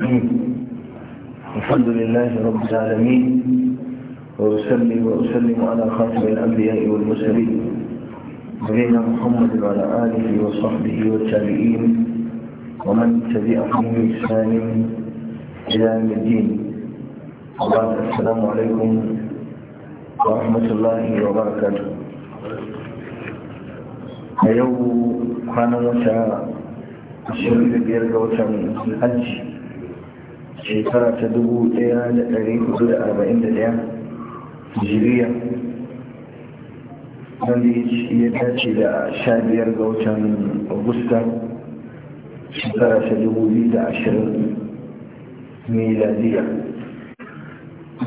الحمد لله رب العالمين وأسلم وأسلم على خاتم الأنبياء والمرسلين نبينا محمد وعلى آله وصحبه والتابعين ومن تبعهم بإحسان إلى يوم الدين وبعد السلام عليكم ورحمة الله وبركاته اليوم كان متى الشهر بيرجع من الحج شكرا تدبو إيه لأريكو كل أربعين دليان جيبية نديج يتاج إلى شاب يرغو كان أغسطا شكرا تدبو ليد عشر ميلادية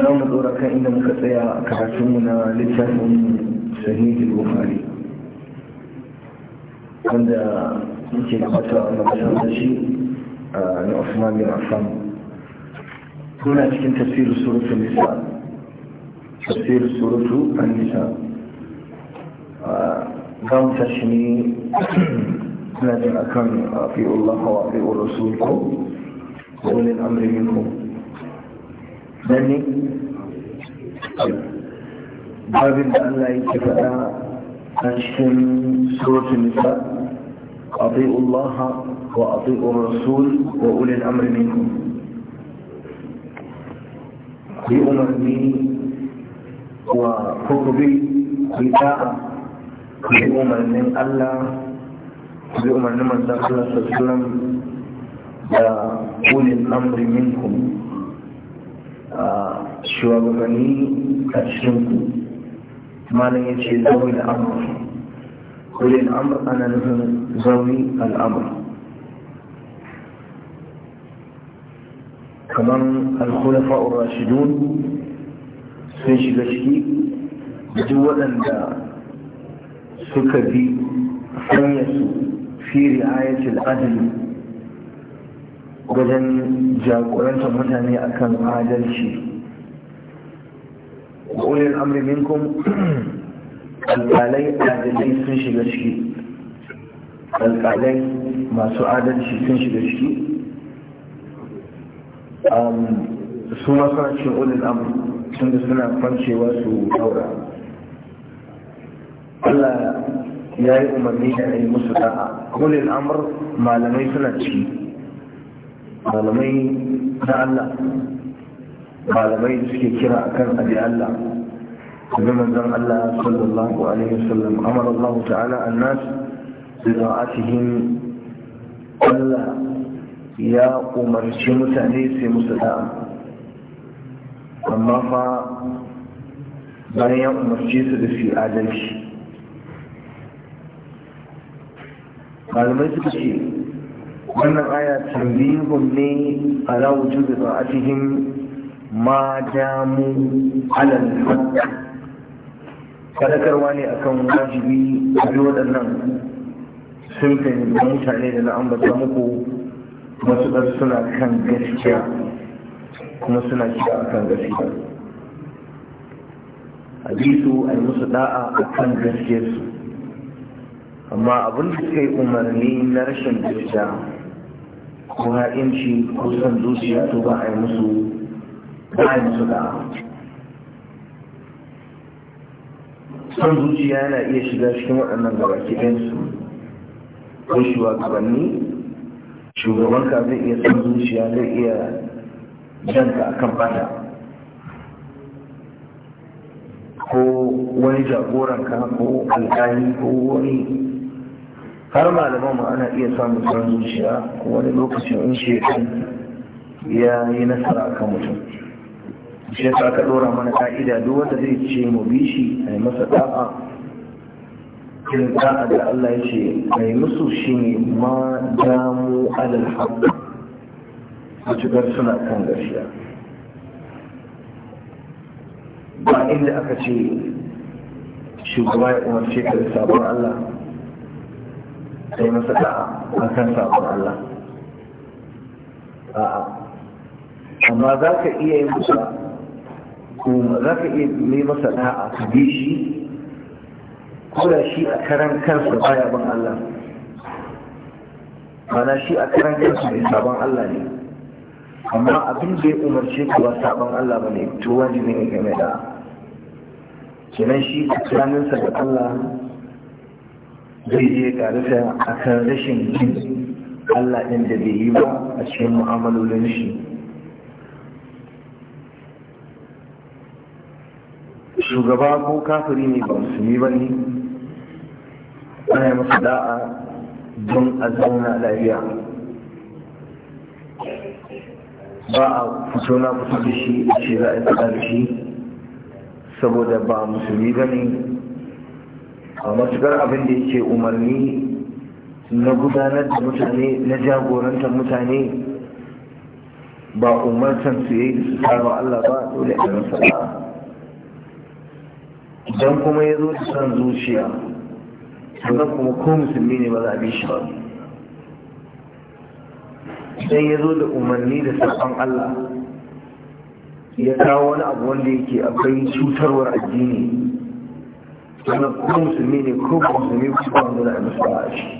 نوم دورك إن مكتيا كعتمنا لسان سهيد البخاري عند يمكن أن أتوقع أن أتوقع أن أتوقع أن أتوقع أن أتوقع هنا تكن تفسير سورة النساء تفسير سورة النساء آه، قام تشني لازم أكون أطيع الله وأطيع رسولكم وأولي الأمر منكم لأني يعني، باب الله كفاء أشكن سورة النساء أطيع الله وأطيع الرسول وأولي الأمر منكم ku yi umarni wa kurubi ku yi ta'a ku yi umarnin Allah ku yi umarnin manzan Allah sassalam da ulin amri minkum a shugabanni a cikinku malam ya ce zaune al'amur ulin amur ana nufin zaune al'amur kamar alkhulafa rashidun sun shiga ciki duk waɗanda suka bi su fi ri'ayatul adali wajen jagorantar mutane akan adalci ulil amri minkum alƙalai adalai sun shiga ciki alƙalai masu adalci sun shiga ciki Um, su masu cikin ulil sun da suna kwancewa su haura Allah ya yi umarni da yi musu da'a ulil amur malamai suna ciki malamai na Allah malamai suke kira akan abi Allah بمن ذن allah sallallahu alaihi عليه وسلم أمر الله تعالى الناس بضاعتهم allah. ya umarci mutane sai musu da amma fa bayan ya umarci su da su adalci malamai suka ce wannan aya tambihun ne ala wujudu ta'atihim ma damu alal sadakarwa ne akan wajibi a waɗannan sun fahimta mutane da na ambata muku Masu ɗan suna kan gaskiya kuma suna shiga a kan gaskiya a bi su a yi musu da'a a kan gaskiyarsu amma abin da suka yi umarni na rashin gaskiya ko ha'inci ko son zuciya to ba a yi musu ba a yi musu da'a son zuciya yana iya shiga cikin waɗannan gabaki ɗinsu ko shugabanni shugabanka zai iya son zuciya zai iya janta a kan bata ko wani jagoranka ko alkali ko wani har malaman ma ana iya samun son zuciya ko wani lokacin in shekan ya yi nasara a kan mutum shi ya sa ka dora mana ka'ida duk wanda zai ce mu bi shi a yi masa da'a cikin za'a da Allah ya ce mai musu shi ne ma damu alal haƙƙa matuƙar suna kan gaskiya ba inda aka ce shugaba ya umarce ka da sabon Allah sai masa da'a a kan sabon Allah a'a amma za ka iya yi kuma za ka iya yi masa da'a ka bi shi koda shi a karan kansa baya ban Allah mana shi a karan kansa ne sabon Allah ne amma abin da ya umarce ku ba sabon Allah ba ne to wajibi ne game da kenan shi tsakaninsa da Allah zai je karisa a kan rashin jin Allah ɗin da bai yi ba a cikin mu'amalolin shi shugaba ko kafiri ne ba musulmi ba ne ana masu da'a don a zauna lafiya ba a fito na fito da shi a ce za a yi da shi saboda ba musulmi ba ne a matukar abin da yake umarni na gudanar da mutane na jagorantar mutane ba umartar su yi su saba Allah ba dole a masa ba idan kuma ya zo da son zuciya sannan kuma ko musulmi ne ba za a bi shi ba idan ya zo da umarni da saƙon Allah ya kawo wani abu wanda yake akwai cutarwar addini sannan ko musulmi ne ko musulmi ko ba wanda za a musu ba shi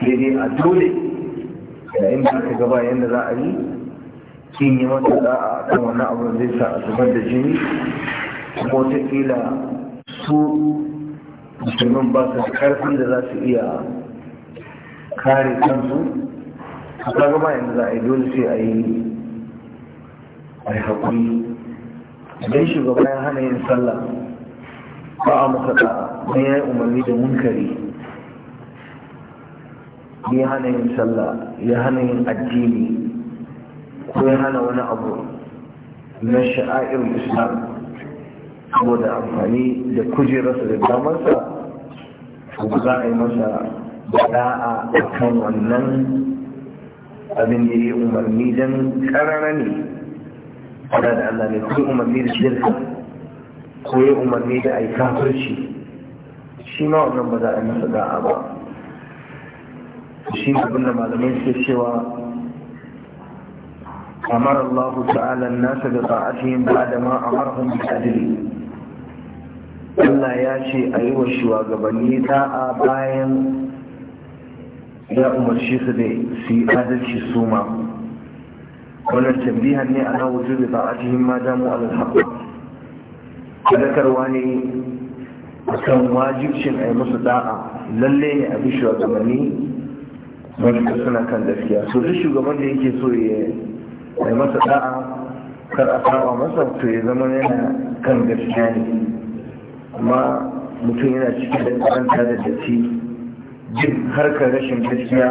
sai dai a dole yayin da aka gaba yadda za a yi kin yi mata da'a a kan wannan abu zai sa a zubar da jini kuma wataƙila su musulman ba su karfin da za su iya kare kansu a kagama yanzu za a yi dole sai a yi a yi haƙuri idan shugaba ya hana yin sallah ba a muka da don ya yi umarni da munkari ya hana yin sallah ya hana yin addini ko ya hana wani abu na sha'a'ir islam saboda amfani da kujerarsa da damarsa kuma za a yi masa da'a a kan wannan abin da ya yi umarni don karara ne da Allah ne ko umarni da shirka ko ya umarni da ai kafirci shi ma wannan ba za a yi masa da'a ba shi abin da malamai suke cewa أمر الله تعالى الناس بطاعتهم بعدما أمرهم بالأدل Allah ya ce a yi wa shugabanni ta'a bayan ya umarci su da su yi adalci su ma wannan tambihan ne ana wuce da cikin ma damu alhaƙa sadakarwa ne a kan wajibcin a yi musu da'a lalle ne a bi shugabanni wanda suna kan gaskiya so duk shugaban da yake so ya yi masa da'a kar a saba masa to ya zama yana kan gaskiya ne amma mutum yana cikin da karanta da datti duk harkar rashin gaskiya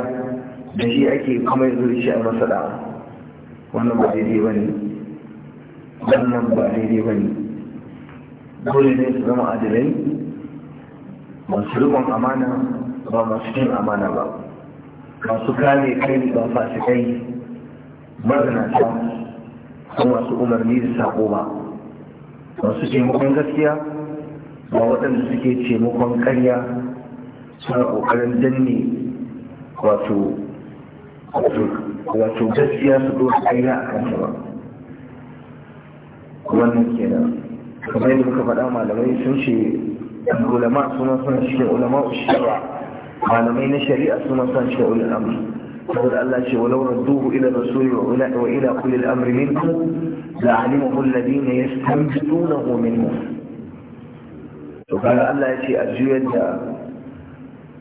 da shi ake kuma zuri shi a masada wannan ba daidai ba ne wannan ba daidai ba ne dole ne su zama adalai masu rikon amana ba masu cin amana ba masu kame kai ba fasikai mazinata ko masu umarni da sako ba masu taimakon gaskiya ba waɗanda suke taimakon karya suna ƙoƙarin danne wato gaskiya su ɗora ƙarya a kanta ba wannan kenan kamar yadda muka faɗa malamai sun ce ulama suna suna cikin ulama shari'a malamai na shari'a suna suna cikin ulama saboda Allah ce walau radduhu ila rasuli wa ila wa ila ulil amri minkum ya alimahu alladhina yastanbitunahu minhum to kaga Allah ya ce a juyar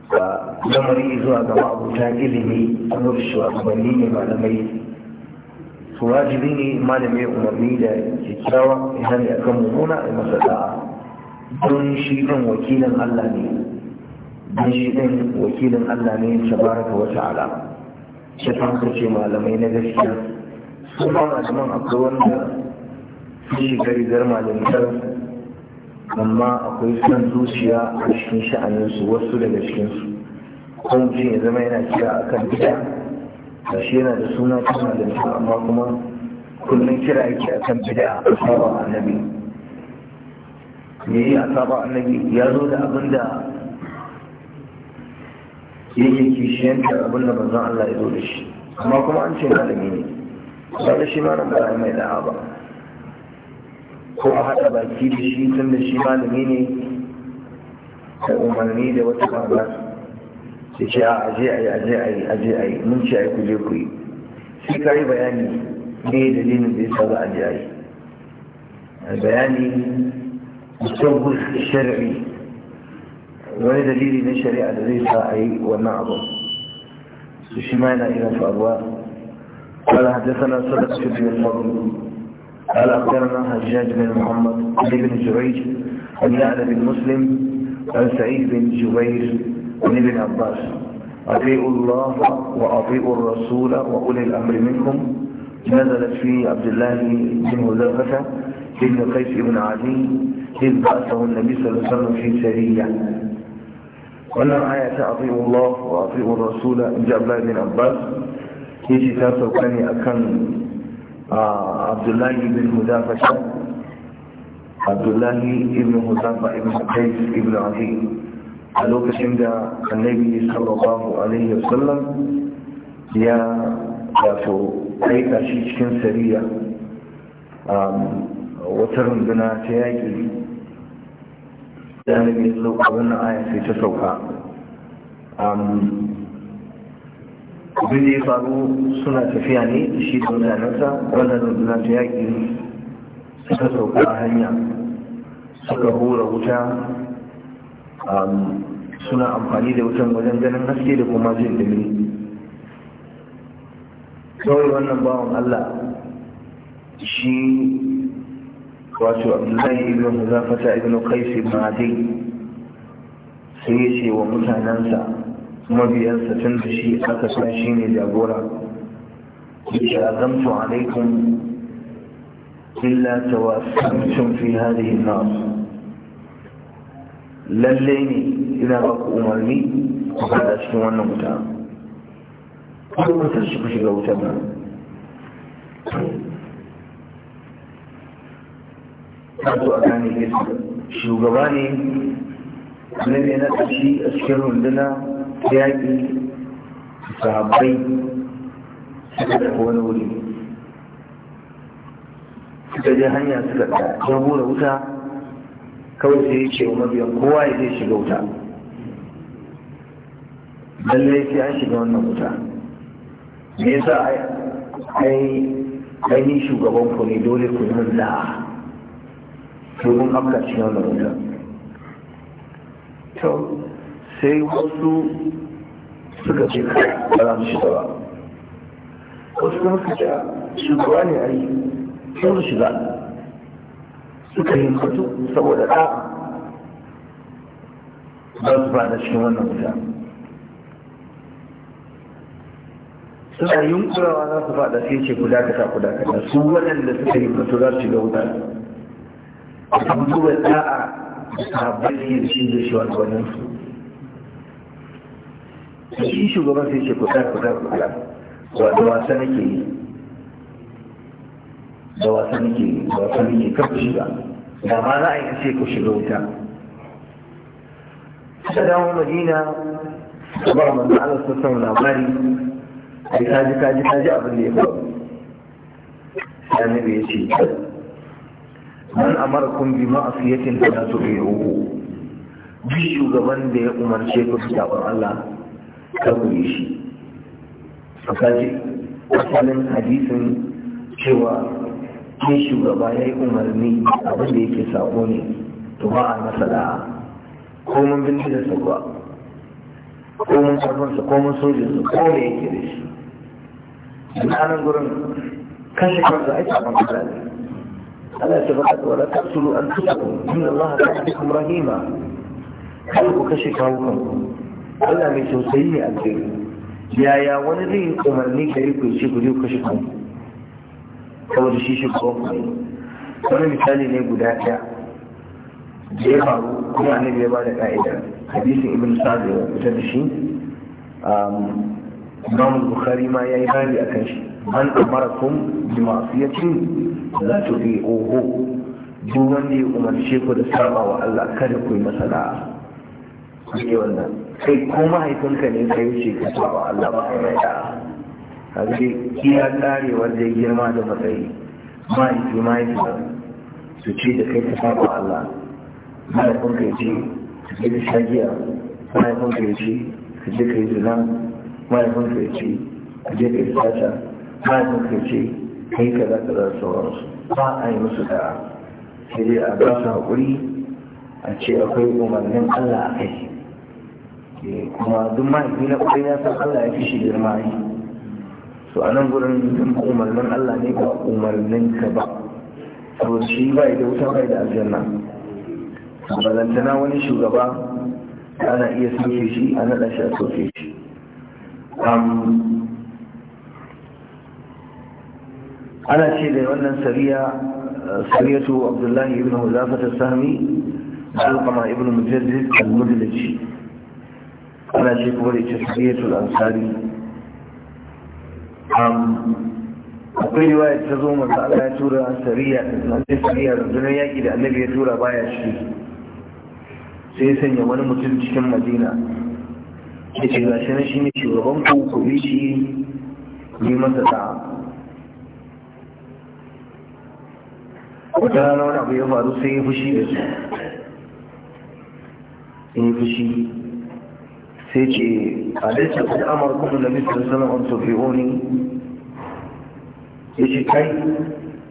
da lamari zuwa ga ma'abuta ilimi kuma da shugabanni ne malamai su wajibi ne malamai umarni da kyakkyawa ya ne akan mummuna a masa da'a don shi ɗin wakilin Allah ne don shi ɗin wakilin Allah ne tabaraka wa ta'ala shi ta ce malamai na gaskiya su ma malaman akwai wanda sun malamai amma akwai son zuciya a cikin sha'aninsu wasu daga cikinsu kan ji ya zama yana kira a kan bida a shi yana da suna tana da nufin amma kuma kullum kira yake a kan bida a saba annabi me yi a saba annabi ya zo da abin da yake kishiyanta abin da manzon Allah ya zo da shi amma kuma an ce malami ne ba da shi ma nan ba mai da'a ba ko a haɗa baki da shi tun da shi malami ne da umarni da wata ƙarfa sai ce a aje a yi aje a yi aje a yi mun ce a yi kuje ku yi sai ka yi bayani ne dalilin da ya sa za a je a yi bayani musamman shari'i wani dalili na shari'a da zai sa a yi wannan abu su shi ma yana irin faruwa قال حدثنا صدق بن الفضل قال أخبرنا هجاج بن محمد بن جريج عن يعلى بن مسلم عن سعيد بن جبير عن ابن عباس أطيعوا الله وأطيعوا الرسول وأولي الأمر منكم نزلت في عبد الله بن هذافة بن قيس بن عدي إذ بعثه النبي صلى الله عليه وسلم في سرية وأن الآية أطيعوا الله وأطيعوا الرسول عند عبد الله بن عباس bin Abbas yace أكن abdullahi bin mudafasha abdullahi ibn huzafa ibn qais ibn azim a lokacin da annabi sallallahu alaihi wasallam ya wato aika shi cikin sariya wata runduna ta yaƙi da annabi ya sauka wannan aya sai ta sauka biri ya faru suna tafiya ne shi da mutanensa wannan da ta yaƙi suka sauka a hanya suka hura wuta um, suna amfani da wutan wajen ganin haske da kuma jin dami kawai wannan bawan allah shi wato abdullahi ibn huzafata ibn qais ibn adi sai ya ce wa mutanensa mabiyansa tun da shi aka san shi ne jagora yake azamtu alaikum illa tawassamtum fi hadhihi an-nar lalle ne ina ba ku umarni ku fada cikin wannan wuta ko ku san shi ku shiga wutar nan wato a gane shugaba ne annabi na ƙarshe a cikin runduna ta yaƙi sahabbai suka tafi wani wuri suka je hanya suka ɗan hura wuta kawai sai ce wa mabiyan kowa ya zai shiga wuta lallai sai an shiga wannan wuta me yasa ai ainihin shugaban ku ne dole ku yi mulla da'a to kun afka cikin wannan wuta sai wasu suka ce ba za mu shiga ba wasu kuma suka ce shugaba ne a yi sun mu shiga suka yi mutu saboda ɗa ba su ba da cikin wannan wuta suna yunkurawa za su faɗa sai ce guda dakata guda dakata su waɗanda suka yi mutu za su shiga wuta a kuma ɗa'a da sabbin yin shi da shi wani wajen su shi shugaban sai ce kuɗa kuɗa kuɗa da wasa nake yi da wasa nake yi da wasa nake kan shiga da ma za a yi ku shiga wuta suka dawo madina suka ba manzo Allah sun san labari ai kaji kaji kaji abin da ya faru ya annabi ya ce man amarakum bi ma'asiyatin ya tu'iruhu bi shugaban da ya umarce ku da Allah kar ku yi shi a kaji asalin hadisin cewa in shugaba ya yi umarni abin da yake sabo ne to ba a masa da ko mun bindiga sa ba ko mun karfansa ko mun sojinsa ko da yake da shi ranar gurin kashe kansa aiki a bangaren Allah ta faɗa wa la taqtulu anfusakum inna Allaha kana bikum rahima kar ku kashe kawukanku Allah mai tausayi ne a gari yaya wani zai yi umarni ka yi kunshi ku je kashe kan saboda shi shi kuwa ku ne wani misali ne guda ɗaya da ya faru kuma annabi ya ba da ka'ida hadisin ibn sa'd ya fitar da shi Imam Bukhari ma yayi bani akan shi an amarakum bi ma'siyatin la oho. duk wanda ya umarce ku da saba wa Allah kada ku yi masa da'a ne wannan sai ko mahaifinka ne ka yi shi ka ba Allah ba mai da kaje ya kare wanda ya girma da matsayi mahaifi mahaifi su ce da kai ka ba Allah mahaifinka ya ce ka ce da shagiya mahaifinka ya ce ka je ka yi zina mahaifinka ya ce ka je ka yi sata mahaifinka ya ce ka yi kaza kaza sauransu ba a yi musu da sai dai a ba su haƙuri a ce akwai umarnin Allah a kai kuma duk mahaifi na kwarai ya san Allah ya fi shi girma yi so a nan gurin duk umarnin Allah ne ba umarnin ka ba to shi ba da wuta bai da aljanna balantana wani shugaba ana iya soke shi a naɗa shi a soke shi ana ce da wannan sariya sariyatu abdullahi ibn huzafat as-sahmi da alqama ibn mujaddid al-mudliji ana shi kuma da ita sahihatul ansari akwai riwaya ta zo masa Allah ya tura an da an sariya rundunar yaƙi da annabi ya tura baya shi sai ya sanya wani mutum cikin madina ya ce ga shi na shi ne shugaban ku ku bi shi yi masa da'a wata rana wani abu ya faru sai ya fushi da su ya fushi sai ce alaisa kuma amur kuma na bisu sallallahu alaihi wasallam ya ce kai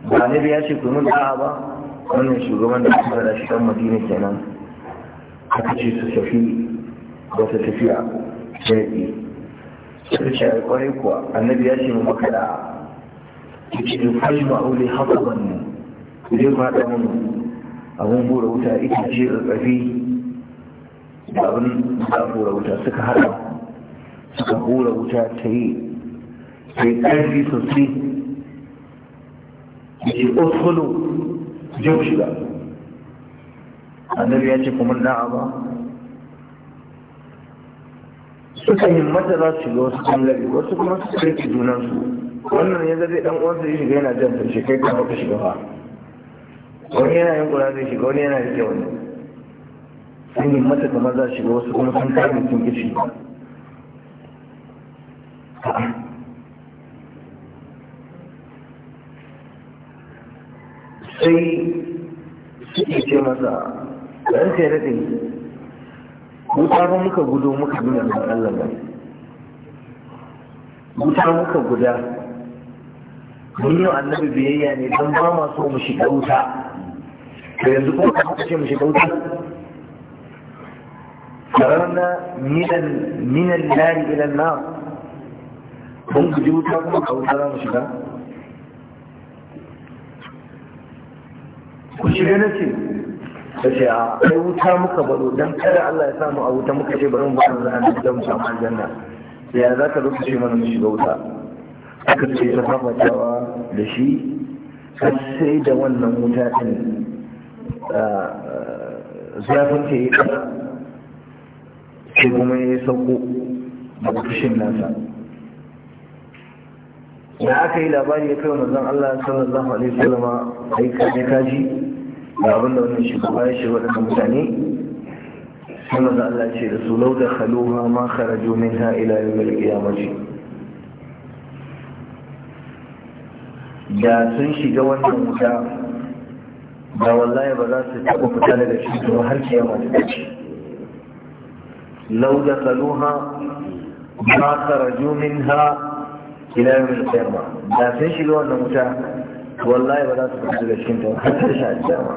ba ne da ya ce kuma da ba wannan shugaban da kuma da shigan madina kenan aka ce su tafi wata tafiya shari'i suka ce a kwarai kuwa annabi ya ce mu maka da ya ce da kwashi ma'aure haka ban ne ku je faɗa mun abun hura wuta ita ce tsafi. da abin da hura wuta suka haɗa suka hura wuta ta yi ta yi ƙarfi sosai da ke osolo jau shiga annabi ya ce kuma na'a ba suka mata za su shiga wasu ɓangare wasu kuma su kai junansu wannan ya zai dan uwansa ya shiga yana jan shi kai kuma ka shiga ba wani yana yin kula zai shiga wani yana rike wani sun yi mata kamar za shiga wasu kuma sun kare sun kishi sai suke ce masa ɗan kai daɗe wuta ba muka gudo muka nuna ɗan Allah ba wuta muka guda mun yi annabi biyayya ne don ba ma so mu shiga wuta to yanzu kuma ka ce mu shiga wuta فررنا من من النار الى النار هم بجوتهم او ترى مشبه ku shiga na ce ta ce a kai wuta muka baro don kada Allah ya samu a wuta muka ce barin mu na za a nan da mu samu aljanna ya za ka zo ka mana mu shiga wuta aka ce ta fafatawa da shi har sai da wannan wuta din zafin ta yi ƙasa sai kuma ya sauko daga fushin nasa da aka yi labari ya kai manzon Allah sallallahu alaihi wasallam ai kaje kaji da abin da wannan shugaba ya shiga da mutane sai manzon Allah ce da su lau da khaluha ma kharaju minha ila yawm al-qiyamah da sun shiga wannan wuta da wallahi ba za su taɓa fita daga cikin har kiyama ta ce لو دخلوها ما خرجوا منها إلى يوم القيامة لا تنشلوا أن متاح والله ولا تنشلوا الشنطة حتى تشعر القيامة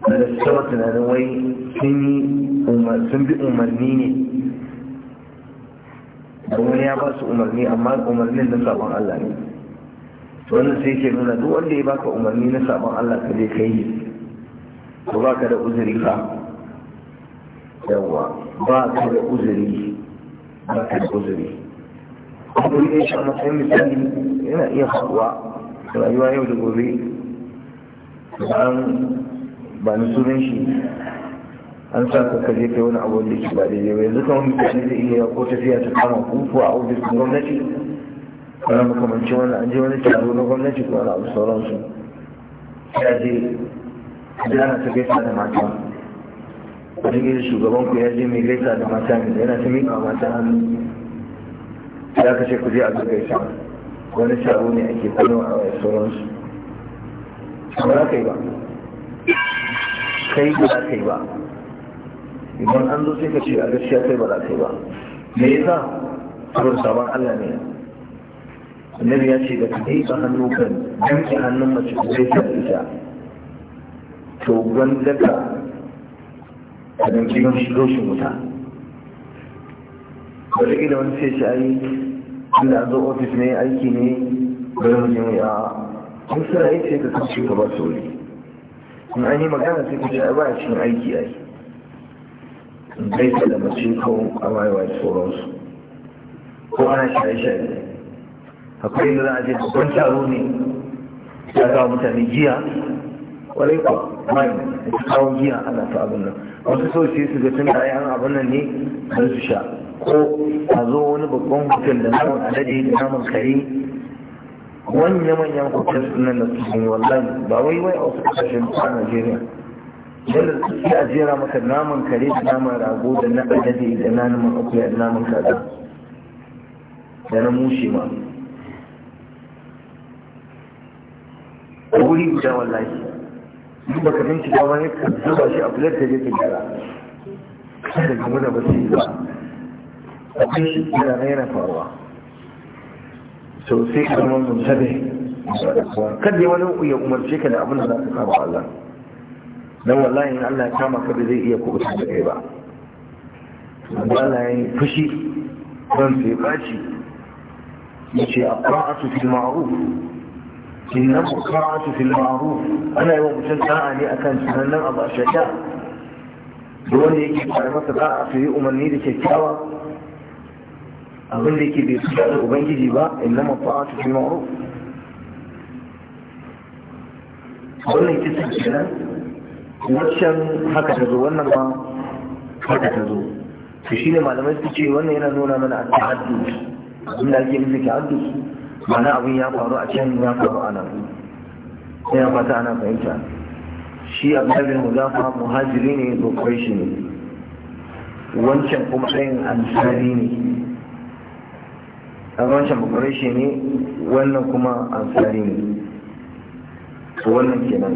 da suka tunanin wai sun bi umarni ne domin ya ba umarni amma umarnin na sabon Allah ne wannan sai ke nuna duk wanda ya baka umarni na sabon Allah ka je kai yi ko baka da uzuri yawa ba ka da uzuri ba ka da uzuri kuma ne shi a matsayin misali yana iya faruwa rayuwa yau da gobe an ba ni sunan shi an sa ka kaje kai wani abu da ke ba daidai ba yanzu kamar misali zai iya ko tafiya ta kama kuku a ofis gwamnati wani makamanci wani an je wani taro na gwamnati ko wani abu sauransu ya a je a ta gaisa da mata wani shugaban ku ya je mai gaisa da mata ne yana ta miƙa mata hannu ya kashe ku je a ga gaisa wani sabo ne ake kano a sauransu ba za ka yi ba kai ba za ka yi ba idan an zo sai ka ce a gaskiya kai ba za ka yi ba me yasa saboda sabon Allah ne annabi ya ce da ka ka hannu kan yanke hannun mace ku gaisa da ita to gwanda ka ka ɗauki roshin wuta wataƙila wani sai shi ayi inda an zo ofis ne aiki ne bari mu yi a kun suna yi sai ka kashe ka ba su wuri in an yi magana sai ka ce a baya cikin aiki yi. in kai ta da mace ko a wayewa sauransu ko ana shaye-shaye akwai inda za a je babban taro ne ya kawo mutane jiya kwarai kuwa mai kawo giya ana ta abin nan wasu sau sai su ga tun da an abin nan ne don su sha ko a zo wani babban hotel da naman alade da naman kare manyan manyan hotel nan da su sun wallahi ba wai wai a wasu kasashen a Najeriya yadda suke a jera maka naman kare da naman rago da na alade da naman akuya da naman kaza da na mushe ma wuri guda wallahi in baka bincika ba ne ka zuba shi a filar ta je ka gyara kada ka muna ba sai ba abin shi yana na yana faruwa to sai ka zama mutane kada wani ya umarci ka da abin da za ka kama Allah dan wallahi in Allah ya kama ka ba zai iya kubuta da kai ba wallahi fushi don sai baci yace a ta'atu fil ma'ruf shi na mukawatu fil ma'ruf ana yi wa mutum sa'a ne akan sunannen a shaka da wanda yake fara masa sa'a su umarni da kyakkyawa abin da yake bai su shaɗa ubangiji ba inna mukawatu fil ma'ruf wannan kisan kenan wancan haka ta zo wannan ma haka ta zo to shine malamai suke wannan yana nuna mana a abin da ake nufi ta'addu mana abin ya faru a can ya faru a nan sai ya fata ana fahimta shi abdullahi muzafa muhajiri ne ne wancan kuma ɗayan ansari ne a wancan bukari ne wannan kuma ansari ne wannan kenan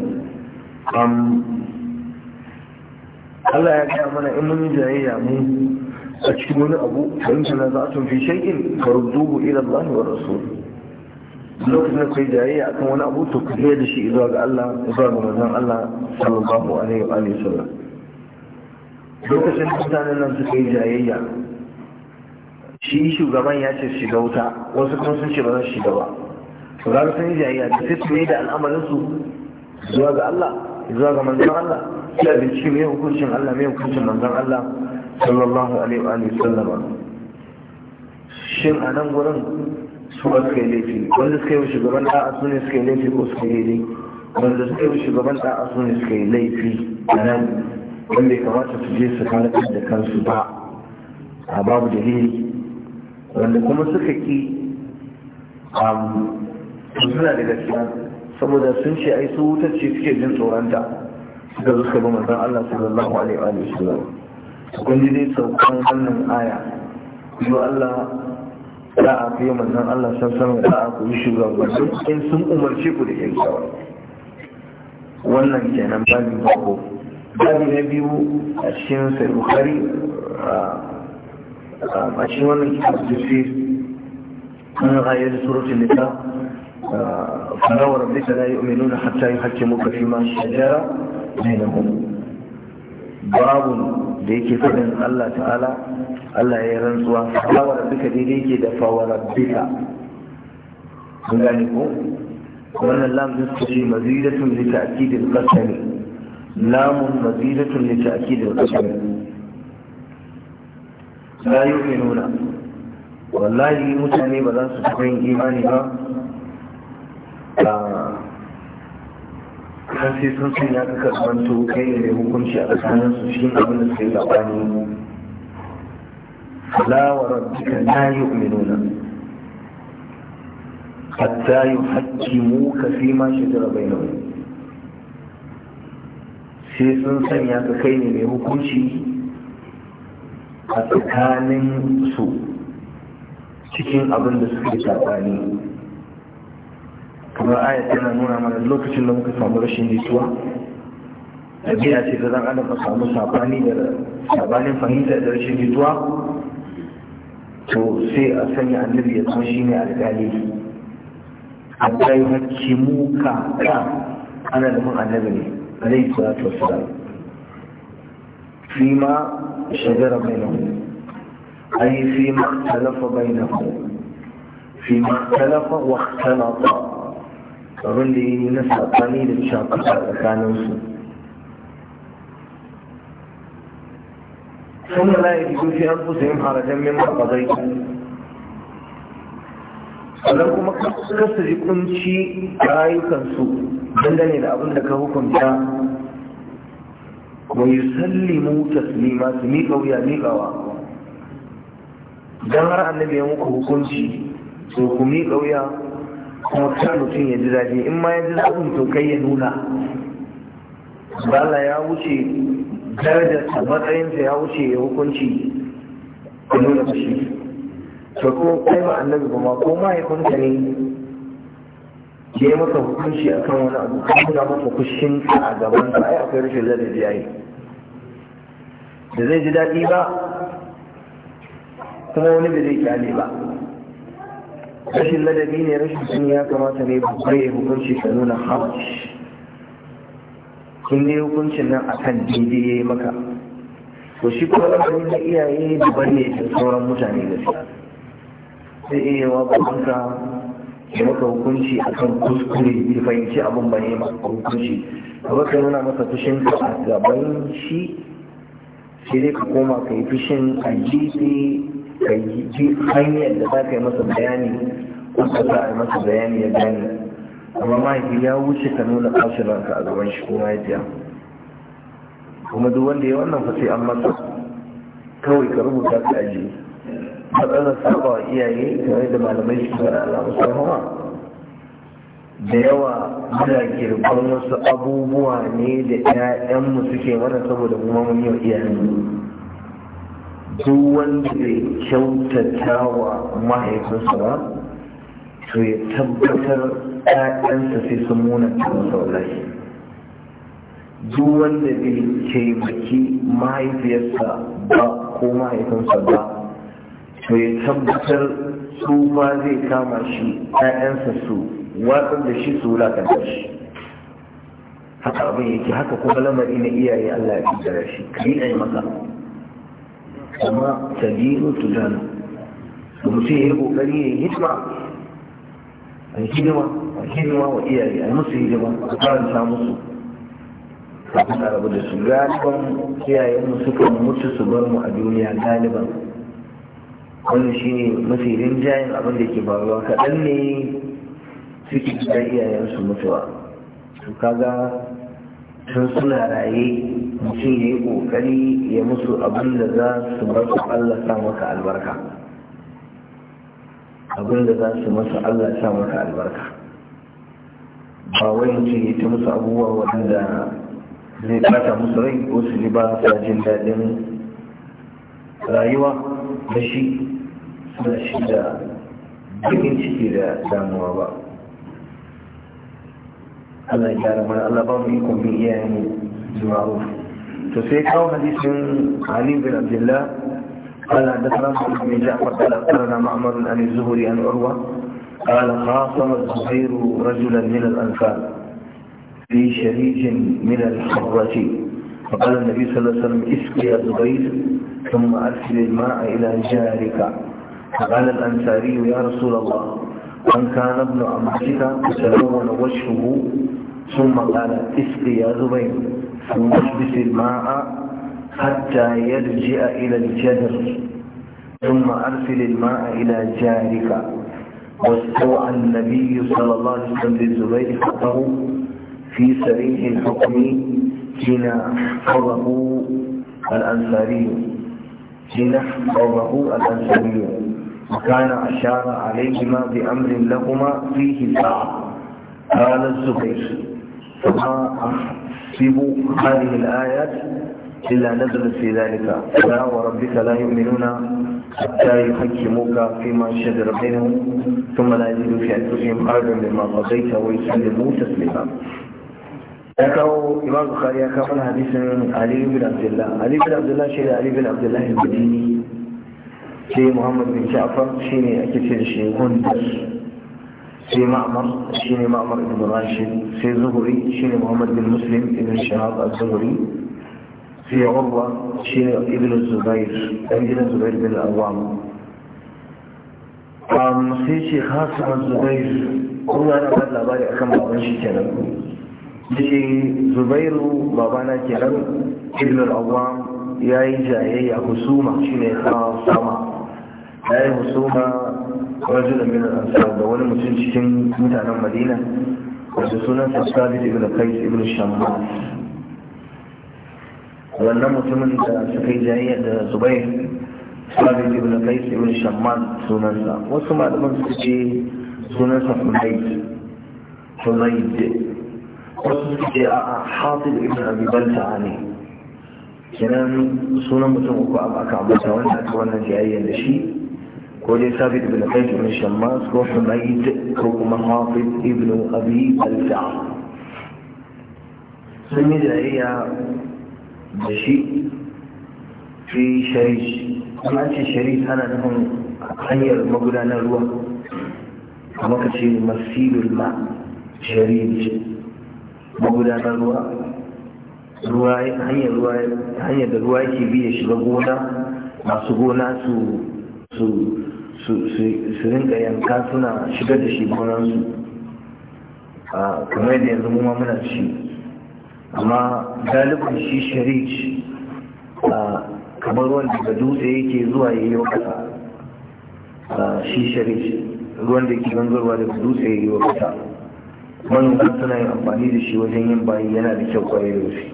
Allah ya gaya mana in mun jayayya mu a cikin wani abu fahimta na za a tun fi shay'in farudduhu ila Allah wa rasul lokacin da kai jayayya akan wani abu to ku da shi zuwa ga Allah zuwa ga manzon Allah sallallahu alaihi wa alihi sallam lokacin da mutanen nan suka yi jayayya shi shugaban ya ce shiga wuta wasu kuma sun ce ba za su shiga ba to za ka san jayayya da sai su da al'amarin su zuwa ga Allah zuwa ga manzon Allah ya a mai hukuncin Allah mai hukuncin manzon Allah sallallahu alaihi wa alihi shin a nan gurin su ba suka yi laifi wanda suka yi wa shugaban da'a su ne suka yi laifi ko suka yi laifi wanda suka yi wa shugaban da'a su ne suka yi laifi a nan wanda ya kamata su je su kare da kansu ba a babu dalili wanda kuma suka ki suna da gaskiya saboda sun ce ai su wutar ce suke jin tsoronta suka zo suka bi manzon Allah sallallahu alaihi wa sallam kun ji dai saukan wannan aya yo Allah za a fiye manzan Allah sassan da za a ku yi shugabanni in sun umarci ku da yanki wannan kenan babin bako. babi na biyu a cikin sai bukari a cikin wannan kitab da fi an raye da surutun nisa farawar bisa da yi umenu na hatta yi muka fi ma shajara na yanayi babu da yake faɗin Allah ta'ala Allah ya yi rantsuwa fawar duka daidai yake da fawar duka sun gane ko wannan lamun su ce mazidatun li ta'kidil qasami lamun mazidatun li ta'kidil qasami la yu'minuna wallahi mutane ba za su san imani ba ah, har sai sun ya ka karbanto kai ne mai hukunci a tsakanin su cikin abin da suka yi labani la wa rabbika la yu'minuna hatta ka fi ma shajara bainahum sai sun sanya ka kai ne mai hukunci a tsakanin su cikin abin da suka yi labani kamar aya tana nuna mana lokacin da muka samu rashin jituwa ɗabi'a ce da zan adam a samu sabani da sabanin fahimta da rashin jituwa to sai a sanya annabi ya san shi ne alƙali a kai hakki muka ka ana da mun annabi ne alaihi salatu wassalam fima shajara bainahum ay fima talafa bainahum fima talafa wa ikhtalafa abin da yi na saɓani da shafuka tsakaninsu sun da laye da kufi an kusa yin harajen min mafazai sannan kuma kasa ji kunci rayukansu dangane da abin da ka hukunta salli mu taslima su miƙa wuya miƙawa don har annabi ya muku hukunci to ku miƙa wuya kuma ta mutum ya ji zafi in ma ya ji zafi to kai ya nuna bala ya wuce darajarsa matsayinsa ya wuce ya hukunci ya nuna fushi to ko kai ba annabi ko ma ko kunta ne ya yi maka hukunci a kan wani abu ka maka masa kushinka a gaban ka ai akwai rashin ladabi yayi da zai ji daɗi ba kuma wani bai zai kyale ba rashin ladabi ne rashin sani ya kamata ne babbar ya hukunci ka nuna hamash kun ne hukuncin nan akan daidai ya yi maka to shi kuma lamarin na iyaye daban ne da sauran mutane gaskiya sai iya yawa babanka ya maka hukunci akan kuskure bai fahimci abin ba ne maka hukunci kuma ka nuna masa fushin ka a gaban shi sai dai ka koma ka yi fushin a gefe ka yi ji hanyar da za ka yi masa bayani wanda za a yi masa bayani ya gane amma mahaifi ya wuce ka nuna ɓacin a gaban shi ko mahaifiya kuma duk wanda ya wannan fasai an masa kawai ka rubuta ka aji matsalar saba wa iyaye tare da malamai shi fara alamu sama da yawa muna girban wasu abubuwa ne da 'ya'yanmu suke mana saboda kuma mun yi wa iyayen duk wanda bai kyautata wa mahaifinsa ba to ya tabbatar ɗayansa sai sun munanta masa wallahi duk wanda bai taimaki mahaifiyarsa ba ko mahaifinsa ba to ya tabbatar ba zai kama shi ɗayansa su watsar da shi su wulakanta shi haka abin yake haka kuma lamari na iyaye Allah ya fi shi ka yi maka amma tabiru tudana mutum ya kokari ya yi hidima a yi hidima a hidima wa iyaye a musu hidima a karanta musu kafin a rabu da su galiban iyayenmu kan mutu su bar mu a duniya galiban wannan shi ne mafi rinjayen abin da ke faruwa kaɗan ne suke gida su mutuwa su kaga tun suna raye mutum ya yi ƙoƙari ya musu abin da za su masu Allah sa maka albarka abin da za su masu Allah sa maka albarka ba wai mutum ya ta musu abubuwa waɗanda zai ɓata musu rai ko su ji ba sa jin daɗin rayuwa da shi suna shi da bakin ciki da damuwa ba Allah ya gyara mana Allah ba mu ikon bin iyayen mu da ma'ruf تسيك أو حديث علي بن عبد الله قال حدثنا محمد بن جعفر قال أخبرنا معمر عن الزهري عن عروة قال خاصم الزهير رجلا من الأنفال في شريج من الحرة فقال النبي صلى الله عليه وسلم اسقي يا زبير ثم أرسل الماء إلى جارك فقال الأنصاري يا رسول الله أن كان ابن عمتك تلون وجهه ثم قال اسقي يا زبير ثم احبس الماء حتى يرجع إلى الجدر ثم أرسل الماء إلى جارك واستوعى النبي صلى الله عليه وسلم للزبير حقه في سريح الحكم حين حفظه الأنصاري حين حفظه الأنصاري وكان أشار عليهما بأمر لهما فيه ساعة قال الزبير فما ترتيب هذه الآيات إلا نزلت في ذلك لا وربك لا يؤمنون حتى يحكموك فيما شجر بينهم ثم لا يجدوا في أنفسهم حرجا مما قضيت ويسلموا تسليما ذكروا إمام البخاري يكمل حديث علي بن عبد الله علي بن عبد الله شيخ علي بن عبد الله المديني شيخ محمد بن جعفر شيخ أكثر شيخ هندس sai ma'amar shi ne ma'amar ibn rashid sai zuhuri shi ne muhammad bin muslim ibn shahab al-zuhuri sai urwa shi ne ibn zubair dan gidan zubair bin al-awwam sai ce hasan zubair kuma yana ba labari akan baban shi kenan shi zubairu babana kenan ibn al-awwam ya yi jayayya husuma shi ne sama ya yi husuma rajulan min al-ansar da wani mutum cikin mutanen madina wanda sunan sa sabit ibn qais ibn shammas wannan mutumin da suka yi jayayya da zubair sabit ibn qais ibn shammas sunan sa wasu malaman suka ce sunan sa hunayd hunayd wasu suka ce a hatib ibn abi balta ne kenan sunan mutum uku aka ambata wanda aka wannan jayayyar da shi ko dai sabit ibn qais ibn shammas ko humayd ko kuma hafid ibn abi al-sa'd sun yi jayayya da shi fi sharish kuma ce sharish ana nufin hanyar magudanar ruwa kamar ka ce masilul ma sharish magudanar ruwa hanyar da ruwa yake bi ya shiga gona masu gona su su rinka yanka suna shigar da shi gonansu a kamar da yanzu muma muna ci amma galibin shi sharic a kamar wanda da dutse yake zuwa ya yi wa kasa a shi sharic ruwan da ke gangarwa daga dutse yi wa kasa suna yin amfani da shi wajen yin bayi yana da kyau kwaye da wasu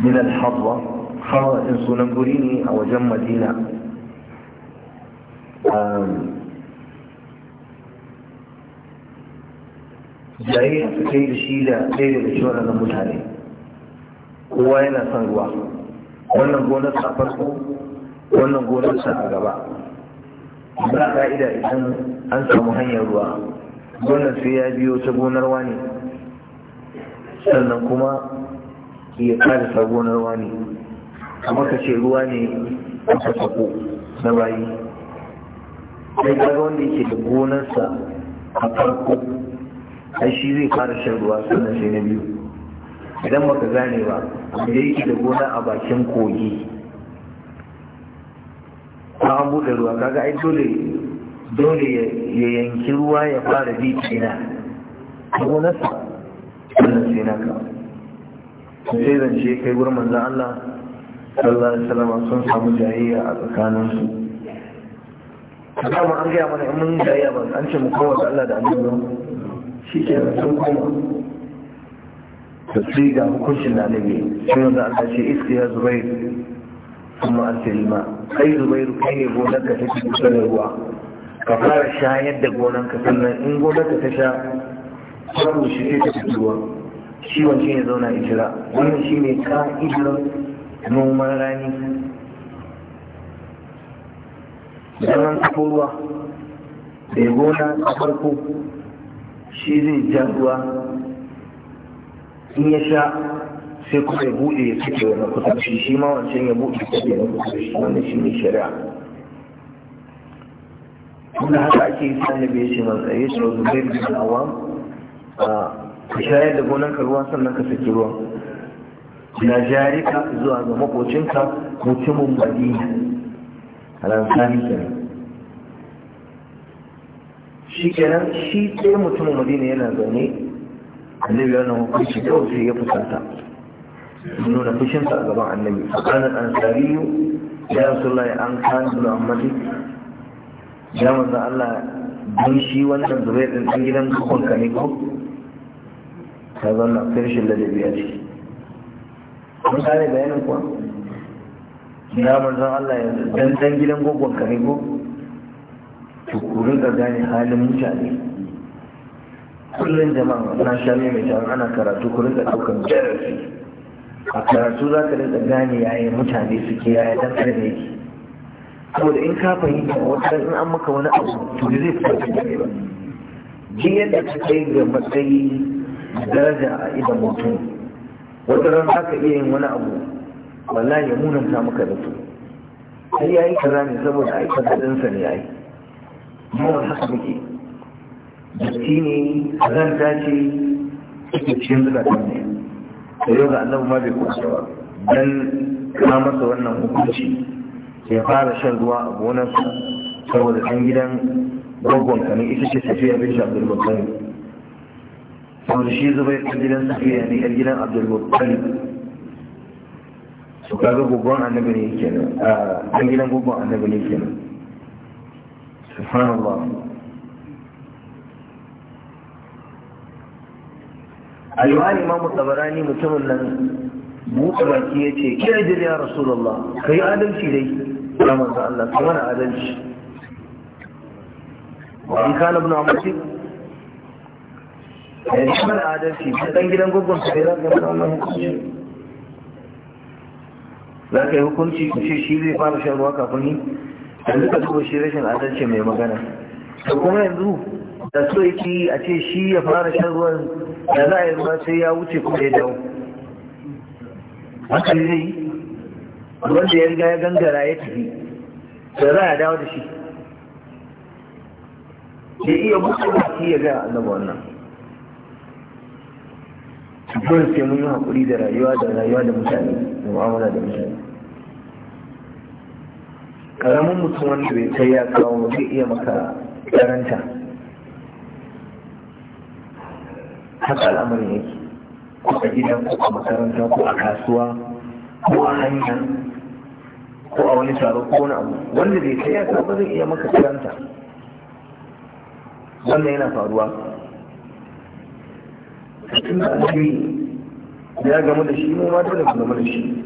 min al hawa ɗin sunan guri ne a wajen madina jayayya su kai da shi da ɗaya da shi waɗannan mutane kowa yana son ruwa wannan gonar a farko wannan gonar sa a gaba ba ka'ida idan an samu hanyar ruwa gonar sai ya biyo ta gonar wani sannan kuma ya ƙarasa gonar wani kamar ka ce ruwa ne a sako na bayi sai kaga wanda yake da gonarsa a farko a shi zai fara shan ruwa sannan sai na biyu idan baka gane ba wanda yake da gona a bakin kogi ta an buɗe ruwa kaga ai dole dole ya yanki ruwa ya fara bi kina gonarsa sannan sai na ka sai zance kai gurin manzan Allah sallallahu alaihi wasallam sun samu jayayya a tsakaninsu A dama an gaya mana mun gaya ba an ce mu koma da Allah da annabi shi ke sun koma da sai ga hukuncin da annabi shi wanda Allah ce iska ya zubair kuma an ce lima kai zubairu kai ne gonar ka take kusa da ruwa ka fara shayar da gonar ka sannan in gonar ka ta sha kwaro shi sai ta fi ruwa ciwon shi ne zauna a jira wannan shi ne ka'idar noman rani Zaman an kafo ruwa mai gona a farko shi zai ja ruwa in ya sha sai kuma ya buɗe ya suke wani kusurci shi ma wancan ya buɗe ya suke wani kusurci wanda shi ne shari'a wanda haka ake yi sani bai shi, man tsaye su rozu bai bin a ah, ka shayar da gonan ka ruwa sannan ka saki ruwa na ka zuwa ga makocinka mutumin madina al'ansari kenan shi kenan shi ɗaya mutumin madina yana zaune annabi wannan hukunci da sai ya fusanta nuna fushinsa a gaban annabi a ƙanan yi ya lai an kan zuwa amadi ya maza allah don shi wannan zubai ɗin ɗan gidan kukunka ne ko ta zanna firshin ladabi a ciki An gane bayanin kuwa ya manzon Allah ya dan dan gidan gogon ka ne to ku rinka gane halin mutane kullum jama'a na shame mai taron ana karatu ku rinka daukan darasi a karatu za ka rinka gane yaya mutane suke yaya dan adam yake saboda in ka fahimta wata in an maka wani abu to zai fita da ba ji yadda ka kai ga matsayi daraja a idan mutum wata ran za iya yin wani abu wallahi ya munanta maka da su sai ya yi kaza ne saboda da daɗinsa ne ya yi yawan haka muke datti ne zanta ce suke cikin zukatan ne da yau ga annabu ma bai kusa ba dan kama masa wannan hukunci ya fara shan ruwa a gonarsa saboda ɗan gidan gwaggon kanin ita ce safiya bin shabdul muttalib saboda shi zubai ɗan gidan safiya ne ɗan gidan abdul su kaga gugun annabi ne nan a ɗan gidan gugun annabi ne kenan subhanallah alwani imamu tabarani mutumin nan buɗe baki ya ce kira jiri ya rasulullah ka yi adalci dai ya manzo Allah ka mana adalci wa in kana bin amurci ya yi mana adalci ɗan gidan gugun sai za ka mana wannan hukunci za ka yi hukunci ce shi zai fara shan ruwa kafin ni yanzu ka duba shi rashin adalci mai magana to kuma yanzu da so yake a ce shi ya fara shan ruwan da za a yi ruwa sai ya wuce kuma ya dawo haka zai yi wanda ya riga ya gangara ya tafi da za a dawo da shi da iya mutu shi ya gaya annaba wannan dole sai mun yi haƙuri da rayuwa da rayuwa da mutane da mu'amala da mutane karamin mutum wanda bai kai ya kawo zai iya maka karanta haka al'amarin yake ko a gidan ko a makaranta ko a kasuwa ko a hanya ko a wani taro ko wani abu wanda bai kai ya kawo zai iya maka karanta wannan yana faruwa tun da an ya gamu da shi mu ma dole mu gamu da shi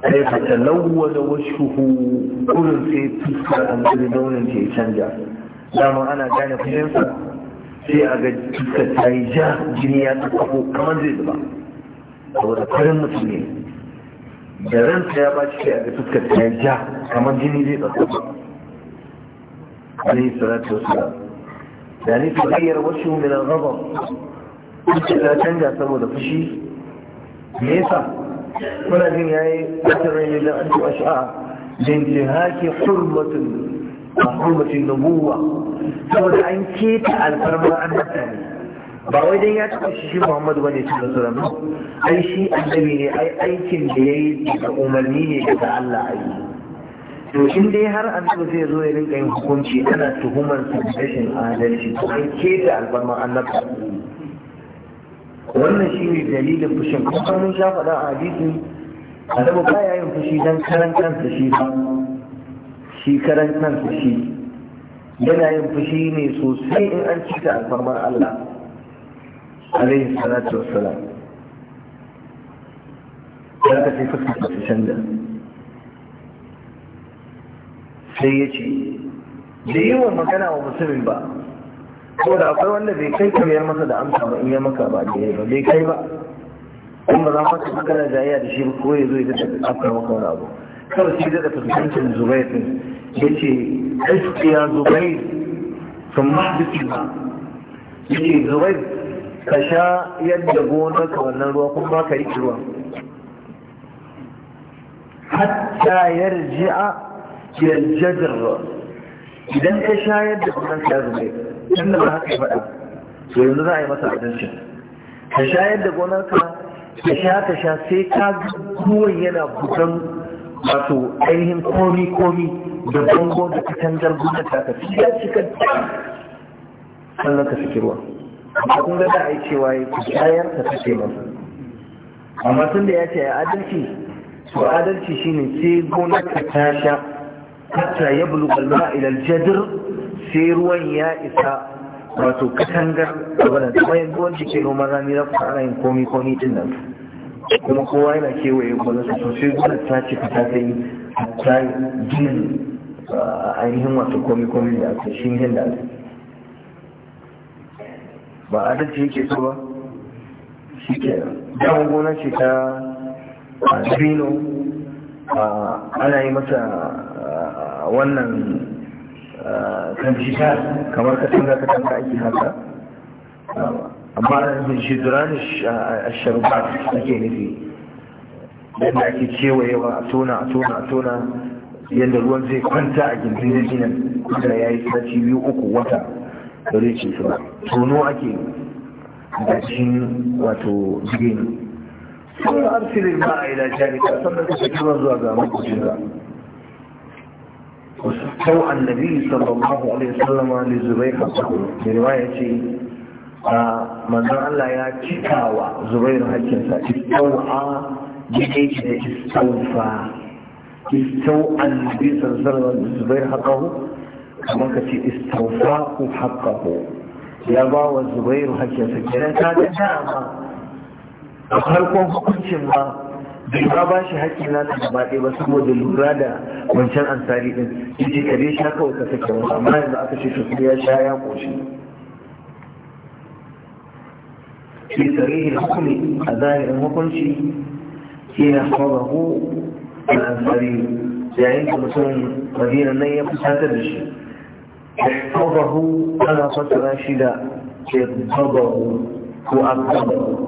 sai ka talawwa da washuhu kurin sai a annabi launin ke canja dama ana gane fushinsa sai a ga fuskar ta yi ja jini ya tsakako kamar zai zuba saboda farin mutum ne da ransa ya ba shi a ga fuskar ta yi ja kamar jini zai tsakako alayhi salatu wasalam da ni ta kayyar washuhu min al-ghadab ta canja saboda fushi me yasa muna jin ya yi wata rai da an ci asha da jihaki hurmatun a hurmatun nubuwa saboda an keta alfarmar annabta ne ba wai dan ya taɓa shi Muhammadu bane shi Rasulun ba ai shi annabi ne ai aikin da yayi daga umarni ne daga Allah ai to in dai har annabi zai zo ya rinka yin hukunci ana tuhumar sa rashin adalci to an keta albarman annabi wannan shi ne dalilin fushin kuma mun sha faɗa a hadisi annabi ba ya yin fushi don karan kansa shi ba shi karan kansa shi yana yin fushi ne sosai in an cika alfarmar Allah alaihi salatu wassalam ya ka sai fuskar ta canza sai ya ce da yi wa magana wa musulmi ba ko da akwai wanda bai kai yar masa da amsa ba in ya maka ba da ba bai kai ba in ba za ka ci kana jayayya da shi ba ko ya zo ya tafi afkar maka wani abu kawai shi daga fuskantar zubair din ya ce gaskiya zubair sun ma duki ba ya ce zubair ka sha yadda gonar ka wannan ruwa kuma ka yi ruwa hatta yarji'a yarjajar idan ka sha yadda gonar ka zubair tun da ba haka faɗa to yanzu za a yi masa abincin ka shayar da gonarka ka sha ka sha sai ka ruwan yana bugan wato ainihin komi komi da bango da katangar gwamnati ka fi ya cika sannan ka saki ruwa amma kun ga da a yi cewa ya ku shayar ka sake masa amma tun da ya ce ya adalci to adalci shine sai gonarka ta sha hatta ya bulugal ma'ilal jadir sai ruwan ya isa wato katangar wannan kuma yanzu wanda ke noman rami za ku ana yin komi komi din nan kuma kowa yana kewaye gwanin su sosai gwanin ta ce ta ta yi ta ginin ah, ainihin wato komi komi da aka shi yin da ba a adalci yake so ba shi ke damar gona ce ta a ah, ah, ana yi masa wannan kan jita kamar ka katanga ake haka amma jiduran sharbat ake nufi yadda ake cewayewa a tona a tona a tona yadda ruwan zai kwanta a gindin rijinan da ya yi sati biyu uku wata da zai ce su ba tono ake da cikin wato jigini sun arsirin ma'a ila jari sannan ka fi zuwa ga makwacin sau annabi sallallahu alaihi sallama li zubair hakku bi riwaya ce manzo Allah ya cikawa zubair hakkin sa ki sau a jike ki da ki sau fa ki sau annabi sallallahu kamar ka ce istaufa ku ya bawa Zubairu zubair hakkin sa kira ta da dama a farkon hukuncin ba bai ba ba shi haƙƙi na ta gaba ɗaya ba saboda lura da wancan ansari ɗin yace kare sha kawai ka sake wasu amma yanzu aka ce to ya sha ya ƙoshi fi sarihin hukumi a zahirin hukunci ke na ko na ansari yayin da mutum madina nan ya fusatar da shi kwarahu ana fassara shi da ke babahu ko akabahu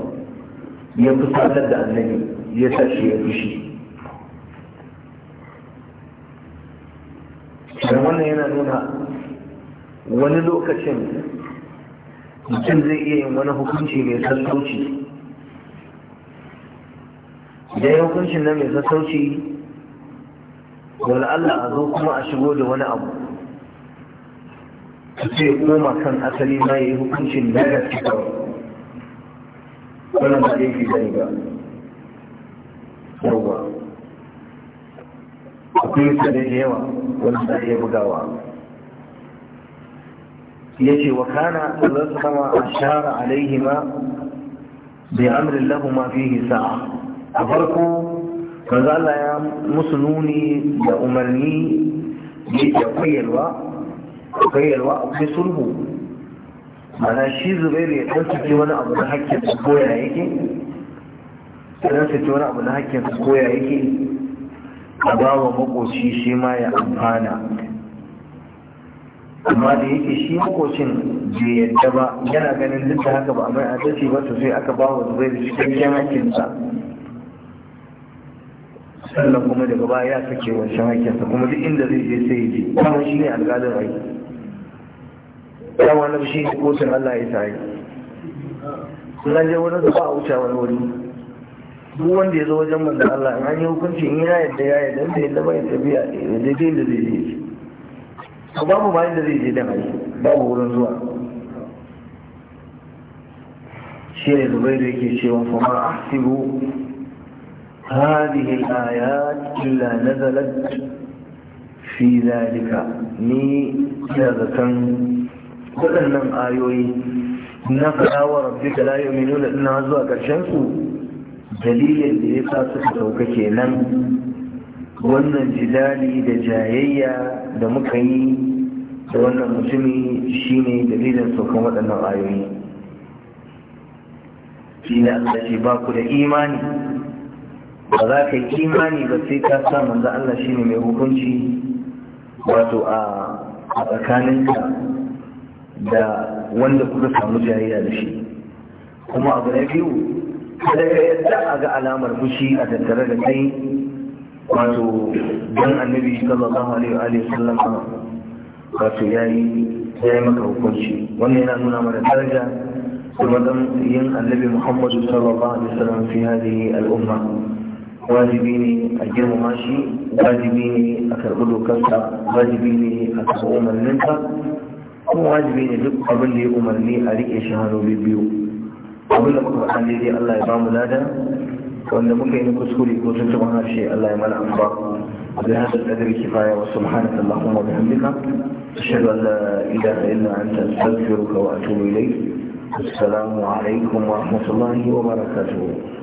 ya fusatar da annabi ya sa shi ya fushi da wannan yana nuna wani lokacin mutum zai iya yin wani hukunci mai sassauci idan hukuncin nan mai sassauci wani Allah a zo kuma a shigo da wani abu Sai koma kan asali na yi hukuncin da ya ci kawai wannan ba fi zai ba yawwa akwai su da yawa wanda za iya bugawa ya ce wa kana rasawa a shara alaihima bai amrin lahuma fi hisa a farko manzo Allah ya musu nuni da umarni da koyarwa a akwai sulhu mana shi zubairu ya ɗauki wani abu da hakkin koya yake idan su ci wani abu na hakkin su koya yake a ba wa makoci shi ma ya amfana amma da yake shi makocin je yadda ba yana ganin duk da haka ba mai adalci ba to sai aka ba wa zubai da cikakken hakkinsa sannan kuma daga baya ya sake wancan hakkinsa kuma duk inda zai je sai ya je kuma shi ne alƙalin aiki yawa na shi ne kotun Allah ya sa yi. Sun je wurin da ba a wuce wani wuri. duk wanda ya zo wajen manzo Allah in an yi hukunci in ya yadda ya yadda da yadda bai tafiya ya je dai da zai je to babu ba da zai je da ba babu wurin zuwa shi ne zubairu yake cewa fa ma ahsibu هذه illa إلا نزلت في ذلك ني ذلك waɗannan ayoyi na faɗa wa rabbi da la yu'minuna ina zuwa ƙarshen su dalilin da ya sa suka sauka kenan wannan jidali da jayayya da muka yi da wannan mutumi ne dalilin saukan waɗannan ayoyi shi ne Allah ce ba ku da imani ba za ka yi imani ba sai ka sa manzo Allah shi ne mai hukunci wato a tsakaninka da wanda kuka samu jayayya da shi kuma abu na biyu kada ka yadda a ga alamar fushi a tattare da kai wato don annabi sallallahu alaihi wa sallam wato ya yi maka hukunci wannan yana nuna mana daraja da madan yin annabi muhammadu sallallahu alaihi wa sallam fi hadihi al'umma wajibi ne a girmama shi wajibi ne a karɓi dokarsa wajibi ne a karɓi umarninsa kuma wajibi ne duk abin da ya umarni a riƙe shi hannu biyu da muka faɗa daidai Allah ya bamu lada wanda muka yi kuskure ko sun harshe Allah ya mana amfa da hada kadari kifaya wa subhanaka allahumma wa bihamdika ashhadu an la ilaha illa anta astaghfiruka wa atubu ilayk assalamu alaikum wa rahmatullahi wa barakatuh